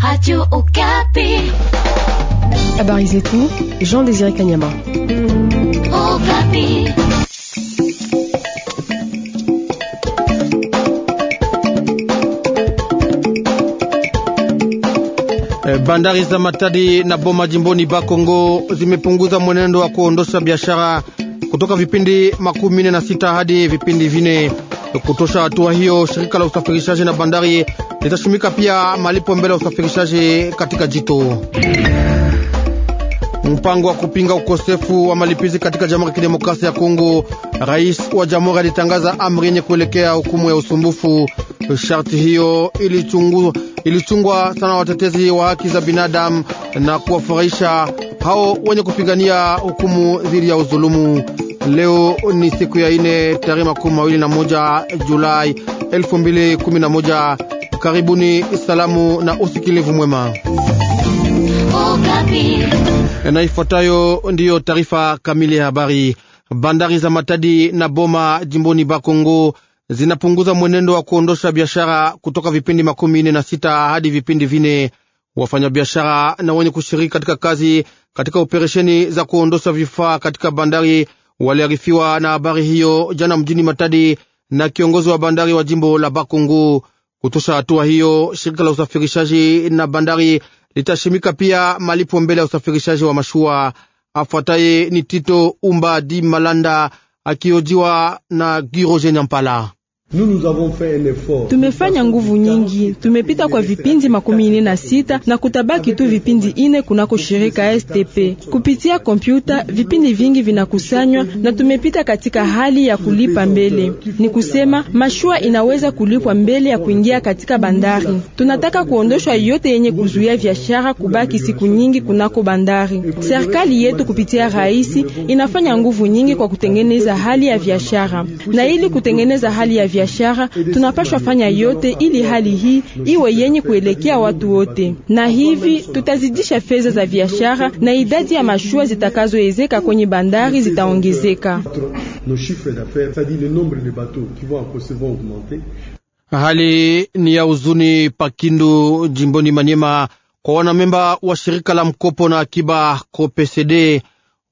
Radio Okapi. Habari zetu, Jean Désiré Kanyama. Okapi. Eh, bandari za Matadi na Boma jimboni Bakongo zimepunguza mwenendo wa kuondosha biashara kutoka vipindi makumi nne na sita hadi vipindi vine Kutosha hatua hiyo, shirika la usafirishaji na bandari litashimika pia malipo mbele ya usafirishaji katika jito. Mpango wa kupinga ukosefu wa malipizi katika Jamhuri ya Kidemokrasia ya Kongo, rais wa jamhuri alitangaza amri yenye kuelekea hukumu ya usumbufu. Sharti hiyo ilichungwa ilichungwa sana watetezi wa haki za binadamu na kuwafurahisha hao wenye kupigania hukumu dhidi ya udhulumu. Leo ni siku ya ine tarehe makumi mawili na moja Julai elfu mbili kumi na moja. Karibuni, salamu na usikilivu mwema. Na ifuatayo ndiyo taarifa kamili ya habari. Bandari za Matadi na Boma jimboni Bakongo zinapunguza mwenendo wa kuondosha biashara kutoka vipindi makumi ine na sita hadi vipindi vine. Wafanyabiashara na wenye kushiriki katika kazi katika operesheni za kuondosha vifaa katika bandari waliarifiwa na habari hiyo jana mjini Matadi na kiongozi wa bandari wa jimbo la Bakungu. Kutosha hatua hiyo, shirika la usafirishaji na bandari litashimika pia malipo mbele ya usafirishaji wa mashua. Afuataye ni Tito Umba Di Malanda akiojiwa na Giroje Nyampala. Tumefanya nguvu nyingi, tumepita kwa vipindi makumi ine na sita na kutabaki tu vipindi ine kunako shirika STP. Kupitia kompyuta vipindi vingi vinakusanywa na tumepita katika hali ya kulipa mbele, ni kusema mashua inaweza kulipwa mbele ya kuingia katika bandari. Tunataka kuondoshwa yote yenye kuzuia biashara kubaki siku nyingi kunako bandari. Serikali yetu kupitia raisi inafanya nguvu nyingi kwa kutengeneza hali ya biashara na ili kutengeneza hali ya biashara biashara, tunapashwa fanya yote ili hali hii iwe yenye kuelekea watu wote, na hivi tutazidisha fedha za biashara na idadi ya mashua zitakazoezeka kwenye bandari zitaongezeka. Hali ni ya huzuni Pakindu, jimboni Manyema, kwa wanamemba wa shirika la mkopo na akiba COPCD.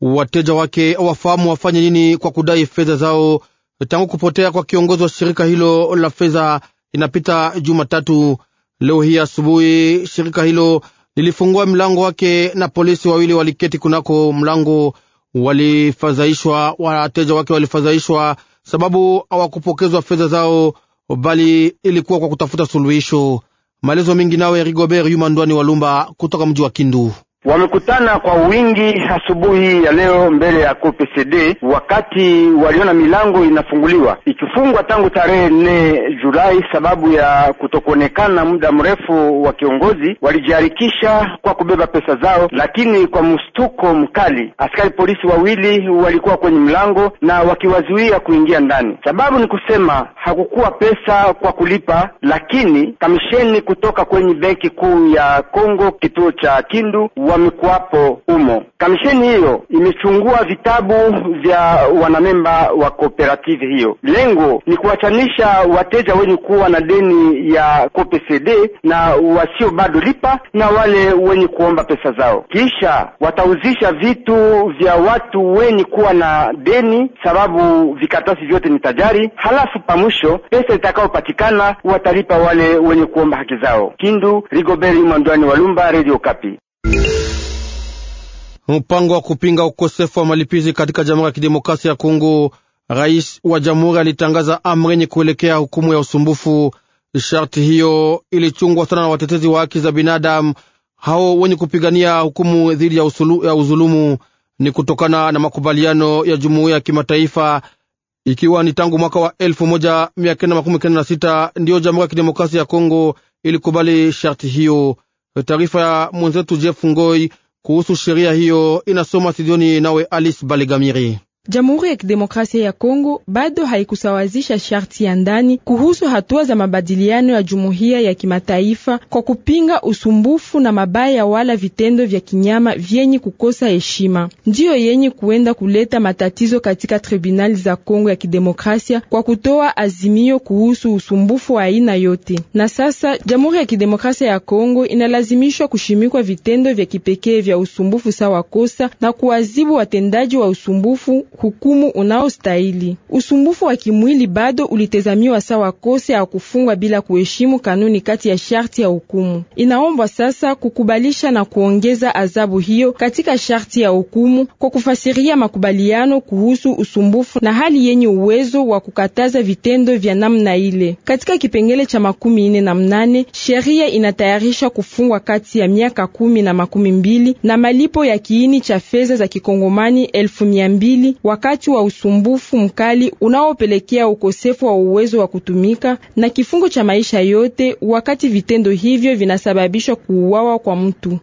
Wateja wake wafahamu wafanye nini kwa kudai fedha zao tangu kupotea kwa kiongozi wa shirika hilo la fedha inapita Jumatatu. Leo hii asubuhi shirika hilo lilifungua mlango wake na polisi wawili waliketi kunako mlango, walifadhaishwa, wateja wake walifadhaishwa sababu hawakupokezwa fedha zao, bali ilikuwa kwa kutafuta suluhisho. Maelezo mengi nawe Rigobert yumandwani Walumba kutoka mji wa Kindu. Wamekutana kwa wingi asubuhi ya leo mbele ya KPCD wakati waliona milango inafunguliwa ikifungwa tangu tarehe nne Julai sababu ya kutokuonekana muda mrefu wa kiongozi. Walijiharikisha kwa kubeba pesa zao, lakini kwa mshtuko mkali, askari polisi wawili walikuwa kwenye mlango na wakiwazuia kuingia ndani. Sababu ni kusema hakukuwa pesa kwa kulipa, lakini kamisheni kutoka kwenye benki kuu ya Kongo kituo cha Kindu wamekuwapo humo. Kamisheni hiyo imechungua vitabu vya wanamemba wa kooperative hiyo. Lengo ni kuwachanisha wateja wenye kuwa na deni ya COPCD na wasio bado lipa na wale wenye kuomba pesa zao, kisha watauzisha vitu vya watu wenye kuwa na deni, sababu vikatasi vyote ni tajari. Halafu pamwisho pesa itakayopatikana watalipa wale wenye kuomba haki zao. Kindu, Rigobert Mwandwani Walumba, Radio Kapi mpango wa kupinga ukosefu wa malipizi katika Jamhuri ya Kidemokrasia ya Kongo. Rais wa jamhuri alitangaza yenye kuelekea hukumu ya usumbufu. Sharti hiyo ilichungwa sana na watetezi wa haki za binadamu hao wenye kupigania hukumu dhidi ya, ya uzulumu. Ni kutokana na makubaliano ya jumuiya ya kimataifa, ikiwa ni tangu mwaka wa elfu moja mia kenda makumi kenda na sita ndiyo Jamhuri ya Kidemokrasia ya Kongo ilikubali sharti hiyo. Taarifa ya mwenzetu Jeff Ngoi kuhusu sheria hiyo inasoma Sidoni nawe Alice Balegamiri. Jamhuri ya Kidemokrasia ya Kongo bado haikusawazisha sharti ya ndani kuhusu hatua za mabadiliano ya jumuiya ya kimataifa kwa kupinga usumbufu na mabaya wala vitendo vya kinyama vyenye kukosa heshima, ndiyo yenye kuenda kuleta matatizo katika tribunali za Kongo ya Kidemokrasia kwa kutoa azimio kuhusu usumbufu wa aina yote. Na sasa Jamhuri ya Kidemokrasia ya Kongo inalazimishwa kushimikwa vitendo vya kipekee vya usumbufu sawa kosa na kuwazibu watendaji wa usumbufu hukumu unaostahili. Usumbufu wa kimwili bado ulitezamiwa sawa kosa ya kufungwa bila kuheshimu kanuni kati ya sharti ya hukumu. Inaombwa sasa kukubalisha na kuongeza adhabu hiyo katika sharti ya hukumu kwa kufasiria makubaliano kuhusu usumbufu na hali yenye uwezo wa kukataza vitendo vya namna ile. Katika kipengele cha makumi ine na mnane sheria inatayarisha kufungwa kati ya miaka kumi na makumi mbili na malipo ya kiini cha fedha za kikongomani elfu mia mbili wakati wa usumbufu mkali unaopelekea ukosefu wa uwezo wa kutumika na kifungo cha maisha yote, wakati vitendo hivyo vinasababishwa kuuawa kwa mtu.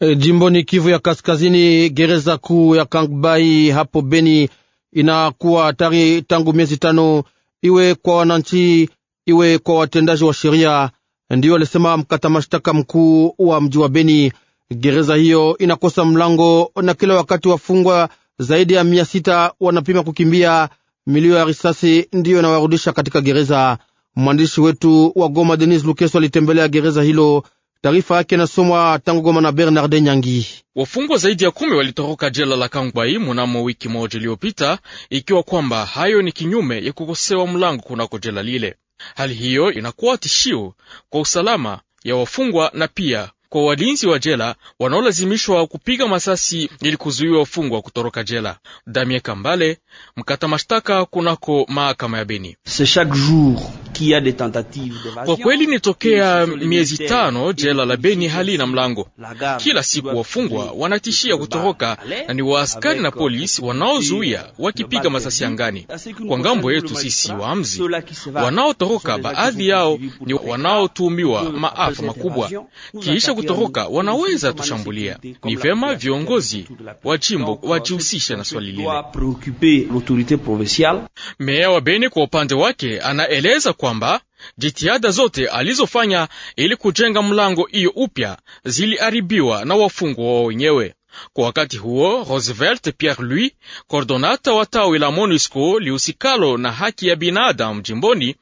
E, jimboni Kivu ya Kaskazini, gereza kuu ya Kangbai hapo Beni inakuwa hatari tangu miezi tano, iwe kwa wananchi, iwe kwa watendaji wa sheria. Ndiyo alisema mkata mashtaka mkuu wa mji wa Beni. Gereza hiyo inakosa mlango na kila wakati wafungwa zaidi ya mia sita wanapima kukimbia. Milio ya risasi ndiyo inawarudisha katika gereza. Mwandishi wetu wa Goma Denis Lukeso alitembelea gereza hilo. Taarifa yake inasomwa tangu Goma na Bernarde Nyangi. Wafungwa zaidi ya kumi walitoroka jela la Kangbai mnamo wiki moja iliyopita, ikiwa kwamba hayo ni kinyume ya kukosewa mlango kunako jela lile. Hali hiyo inakuwa tishio kwa usalama ya wafungwa na pia kwa walinzi wa jela wanaolazimishwa kupiga masasi ili kuzuiwa ufungwa kutoroka jela. Damie Kambale, mkata mashtaka kunako mahakama ya Beni. Kwa kweli nitokea miezi tano jela la Beni hali na mlango. Kila siku wafungwa wanatishia kutoroka, na ni waaskari na polisi wanaozuia wakipiga masasi angani. Kwa ngambo yetu sisi waamzi wanaotoroka, baadhi yao ni wanaotumiwa maafa makubwa. Kisha kutoroka, wanaweza tushambulia. Ni vema viongozi wa jimbo wajihusishe na swali lile. Meya wa Beni kwa upande wake anaeleza kwa kwamba jitihada zote alizofanya ili kujenga mlango hiyo upya ziliharibiwa na wafungwa wao wenyewe. Kwa wakati huo Roosevelt Pierre Louis, kordonata wa tawi la MONUSCO lihusikalo na haki ya binadamu jimboni,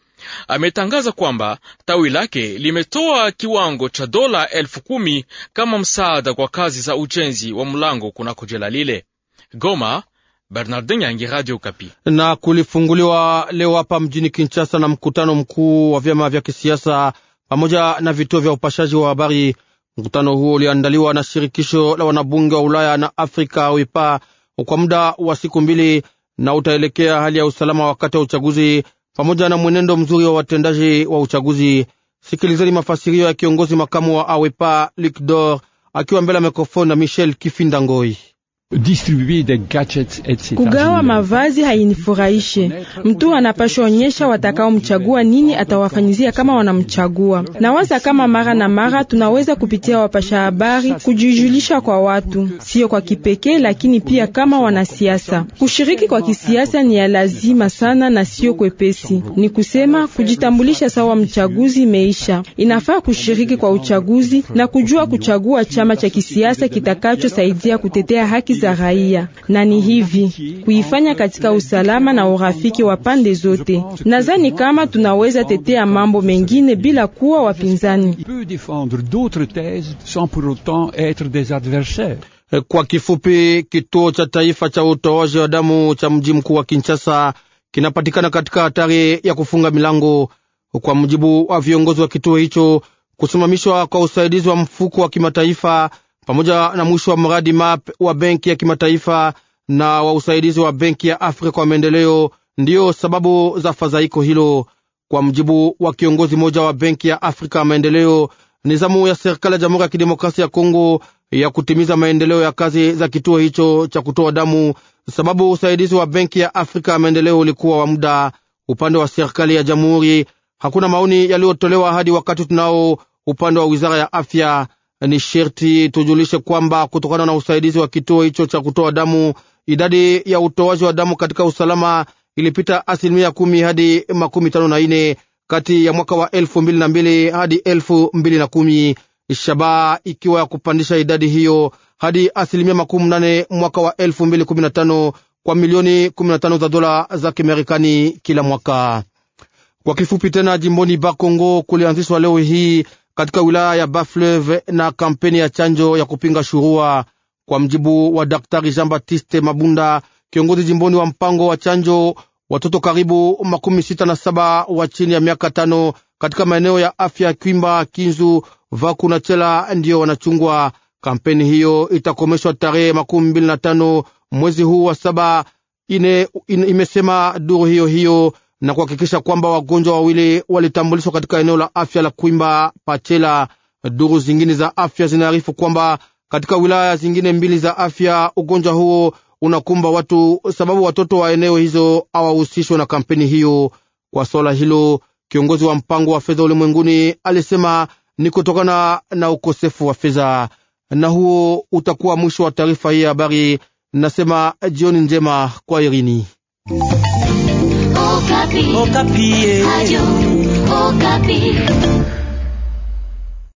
ametangaza kwamba tawi lake limetoa kiwango cha dola elfu kumi kama msaada kwa kazi za ujenzi wa mlango kunako jela lile. Goma, Bernardin Yangi, Radio Kapi. Na kulifunguliwa leo hapa mjini Kinshasa na mkutano mkuu wa vyama vya kisiasa pamoja na vituo vya upashaji wa habari. Mkutano huo uliandaliwa na shirikisho la wanabunge wa Ulaya na Afrika wipa e kwa muda wa siku mbili, na utaelekea hali ya usalama wakati wa uchaguzi pamoja na mwenendo mzuri wa watendaji wa uchaguzi. Sikilizeni mafasirio ya kiongozi makamu wa awepa e Luc Dor akiwa mbele ya mikrofoni na Michel Kifindangoi. Kugawa mavazi hainifurahishi. Mtu anapashwa onyesha watakaomchagua nini atawafanyizia kama wanamchagua. Nawaza kama mara na mara tunaweza kupitia wapasha habari kujijulisha kwa watu, sio kwa kipekee, lakini pia kama wanasiasa. Kushiriki kwa kisiasa ni ya lazima sana na sio kwepesi. Ni kusema kujitambulisha sawa mchaguzi imeisha, inafaa kushiriki kwa uchaguzi na kujua kuchagua chama cha kisiasa kitakachosaidia kutetea haki za raia, na ni hivi kuifanya katika usalama na urafiki wa pande zote. Nadhani kama tunaweza tetea mambo mengine bila kuwa wapinzani. Kwa kifupi, kituo cha taifa cha utoaji wa damu cha mji mkuu wa Kinshasa kinapatikana katika hatari ya kufunga milango, kwa mujibu wa viongozi wa kituo hicho. Kusimamishwa kwa usaidizi wa mfuko wa kimataifa pamoja na mwisho wa mradi MAP wa benki ya kimataifa na wa usaidizi wa benki ya Afrika kwa maendeleo ndiyo sababu za fadhaiko hilo. Kwa mjibu wa kiongozi mmoja wa benki ya Afrika ya maendeleo, nizamu ya serikali ya Jamhuri ya Kidemokrasia ya Kongo ya kutimiza maendeleo ya kazi za kituo hicho cha kutoa damu, sababu usaidizi wa benki ya Afrika ya maendeleo ulikuwa wa muda. Upande wa serikali ya jamhuri hakuna maoni yaliyotolewa hadi wakati tunao upande wa wizara ya afya ni sherti tujulishe kwamba kutokana na usaidizi wa kituo hicho cha kutoa damu, idadi ya utoaji wa damu katika usalama ilipita asilimia kumi hadi makumi tano na ine kati ya mwaka wa elfu mbili na mbili hadi elfu mbili na kumi shabaha ikiwa ya kupandisha idadi hiyo hadi asilimia makumi nane mwaka wa elfu mbili kumi na tano kwa milioni tano za dola za Kimarekani kila mwaka. Kwa kifupi tena, jimboni Bakongo kulianzishwa leo hii katika wilaya ya Bafleve na kampeni ya chanjo ya kupinga shurua. Kwa mjibu wa Daktari Jean Baptiste Mabunda, kiongozi jimboni wa mpango wa chanjo, watoto karibu makumi sita na saba wa chini ya miaka tano katika maeneo ya afya Kwimba, Kinzu, Vaku na Chela ndiyo wanachungwa. Kampeni hiyo itakomeshwa tarehe makumi mbili na tano mwezi huu wa saba ine, ine, imesema duru hiyo hiyo na kuhakikisha kwamba wagonjwa wawili walitambulishwa katika eneo la afya la Kwimba Pachela. Duru zingine za afya zinaarifu kwamba katika wilaya zingine mbili za afya ugonjwa huo unakumba watu, sababu watoto wa eneo hizo hawahusishwe na kampeni hiyo. Kwa swala hilo, kiongozi wa mpango wa fedha ulimwenguni alisema ni kutokana na ukosefu wa fedha, na huo utakuwa mwisho wa taarifa hii ya habari. Nasema jioni njema kwa Irini. Okapi. Okapi.